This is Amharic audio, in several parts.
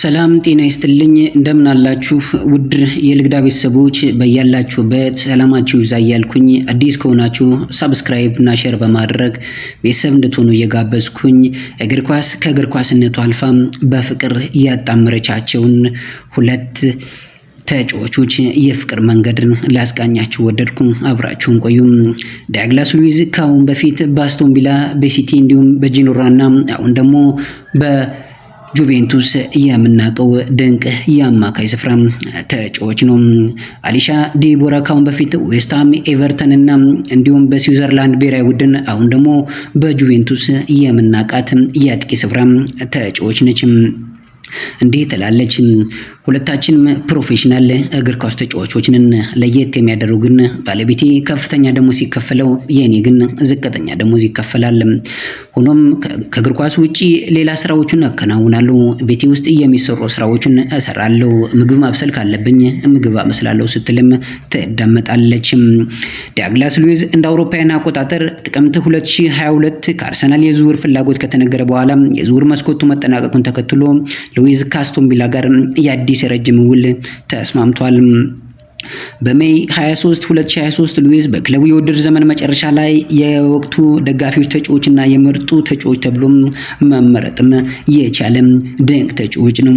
ሰላም ጤና ይስጥልኝ። እንደምን አላችሁ ውድ የልግዳ ቤተሰቦች፣ በያላችሁበት ሰላማችሁ ይብዛ እያልኩኝ አዲስ ከሆናችሁ ሰብስክራይብ እና ሼር በማድረግ ቤተሰብ እንድትሆኑ እየጋበዝኩኝ እግር ኳስ ከእግር ኳስነቱ አልፋም በፍቅር እያጣመረቻቸውን ሁለት ተጫዋቾች የፍቅር መንገድን ላስቃኛችሁ ወደድኩ። አብራችሁን ቆዩ። ዳግላስ ሉዊዝ ከአሁን በፊት በአስቶን ቪላ፣ በሲቲ እንዲሁም ና አሁን ደግሞ በ ጁቬንቱስ የምናውቀው ድንቅ የአማካይ ስፍራ ተጫዋች ነው። አሊሻ ዲቦራ ካሁን በፊት ዌስትሃም፣ ኤቨርተን እና እንዲሁም በስዊዘርላንድ ብሔራዊ ቡድን አሁን ደግሞ በጁቬንቱስ የምናውቃት የአጥቂ ስፍራ ተጫዋች ነች። እንዲህ ትላለች ሁለታችንም ፕሮፌሽናል እግር ኳስ ተጫዋቾች ለየት የሚያደርጉን ባለቤቴ ከፍተኛ ደሞዝ ሲከፈለው፣ የእኔ ግን ዝቅተኛ ደሞዝ ይከፈላል። ሆኖም ከእግር ኳስ ውጪ ሌላ ስራዎችን አከናውናለሁ። ቤቴ ውስጥ የሚሰሩ ስራዎችን እሰራለሁ። ምግብ ማብሰል ካለብኝ ምግብ አመስላለሁ ስትልም ትዳመጣለች። ዳግላስ ሉዊዝ እንደ አውሮፓውያን አቆጣጠር ጥቅምት 2022 ከአርሰናል የዝውውር ፍላጎት ከተነገረ በኋላ የዝውውር መስኮቱ መጠናቀቁን ተከትሎ ሉዊዝ ካስቶምቢላ ጋር የአዲስ የረጅም ውል ተስማምቷል። በሜይ 23 2023 ሉዊዝ በክለቡ የውድድር ዘመን መጨረሻ ላይ የወቅቱ ደጋፊዎች ተጫዎች እና የምርጡ ተጫዎች ተብሎ መመረጥም የቻለ ድንቅ ተጫዎች ነው።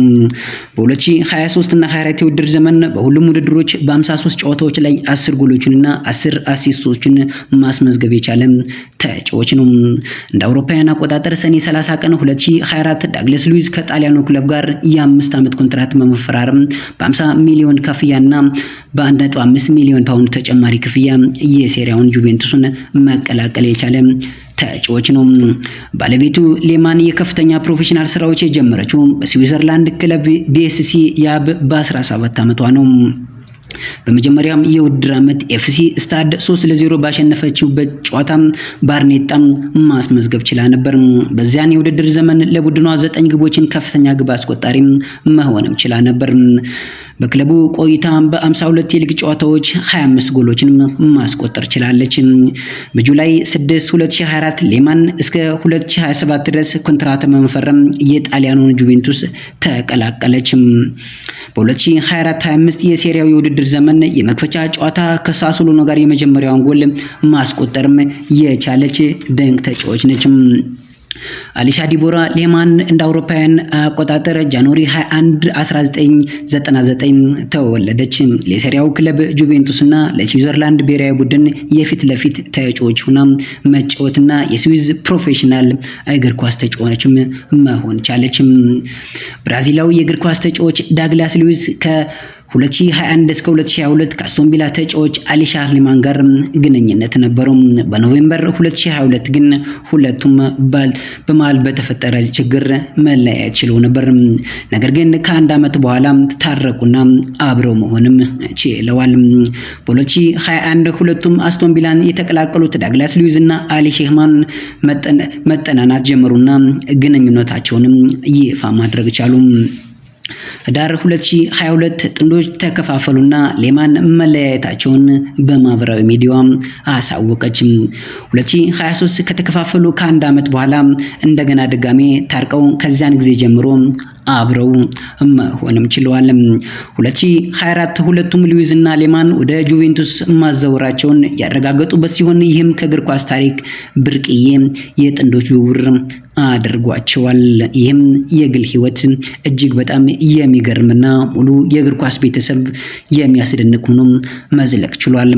በ2023 እና 2024 የውድድር ዘመን በሁሉም ውድድሮች በ53 ጨዋታዎች ላይ 10 ጎሎችንና 10 አሲስቶችን ማስመዝገብ የቻለ ተጫዋች ነው። እንደ አውሮፓውያን አቆጣጠር ሰኔ 30 ቀን 2024 ዳግለስ ሉዊዝ ከጣሊያኑ ክለብ ጋር የአምስት ዓመት ኮንትራት መፈራረም በ50 ሚሊዮን ከፍያና። በ1.5 ሚሊዮን ፓውንድ ተጨማሪ ክፍያ የሴሪያውን ጁቬንቱስን መቀላቀል የቻለ ተጫዋች ነው። ባለቤቱ ሌማን የከፍተኛ ፕሮፌሽናል ስራዎች የጀመረችው በስዊዘርላንድ ክለብ ቢኤስሲ ያብ በ17 ዓመቷ ነው። በመጀመሪያም የውድድር ዓመት ኤፍሲ ስታድ 3 ለ0 ባሸነፈችውበት በጨዋታ ባርኔጣም ማስመዝገብ ችላ ነበር። በዚያን የውድድር ዘመን ለቡድኗ ዘጠኝ ግቦችን ከፍተኛ ግብ አስቆጣሪ መሆንም ችላ ነበር። በክለቡ ቆይታ በ52 የሊግ ጨዋታዎች 25 ጎሎችን ማስቆጠር ችላለች። በጁላይ 6 2024 ሌማን እስከ 2027 ድረስ ኮንትራት መፈረም የጣሊያኑን ጁቬንቱስ ተቀላቀለች። በ2024 25 የሴሪያው የውድድር በውድድር ዘመን የመክፈቻ ጨዋታ ከሳሱሎና ጋር የመጀመሪያውን ጎል ማስቆጠርም የቻለች ድንቅ ተጫዋች ነች። አሊሻ ዲቦራ ሌማን እንደ አውሮፓውያን አቆጣጠር ጃንዋሪ 21 1999 ተወለደች። ለሴሪያው ክለብ ጁቬንቱስ እና ለስዊዘርላንድ ብሔራዊ ቡድን የፊት ለፊት ተጫዋች ሆና መጫወትና የስዊዝ ፕሮፌሽናል እግር ኳስ ተጫዋችም መሆን ቻለች። ብራዚላዊ የእግር ኳስ ተጫዋች ዳግላስ ሉዊስ ከ 2021 እስከ 2022 ከአስቶን ቪላ ተጫዋች አሊሻ ሊማን ጋር ግንኙነት ነበረው። በኖቬምበር 2022 ግን ሁለቱም በመሃል በተፈጠረ ችግር መለያየት ችለው ነበር። ነገር ግን ከአንድ ዓመት በኋላ ታረቁና አብረው መሆንም ችለዋል። በ2021 ሁለቱም አስቶን ቪላን የተቀላቀሉት ዳግላስ ሉዊዝ እና አሊ ሼህማን መጠናናት ጀመሩና ግንኙነታቸውንም ይፋ ማድረግ ህዳር 2022 ጥንዶች ተከፋፈሉና ሌማን መለያየታቸውን በማህበራዊ ሚዲያዋ አሳወቀችም። 2023 ከተከፋፈሉ ከአንድ ዓመት በኋላ እንደገና ድጋሜ ታርቀው ከዚያን ጊዜ ጀምሮ አብረው መሆንም ችለዋል። 2024 ሁለቱም ሉዊዝ እና ሌማን ወደ ጁቬንቱስ ማዘወራቸውን ያረጋገጡበት ሲሆን ይህም ከእግር ኳስ ታሪክ ብርቅዬ የጥንዶች ዝውውር አድርጓቸዋል። ይህም የግል ህይወት እጅግ በጣም የሚገርምና ሙሉ የእግር ኳስ ቤተሰብ የሚያስደንቅ ሆኖ መዝለቅ ችሏል።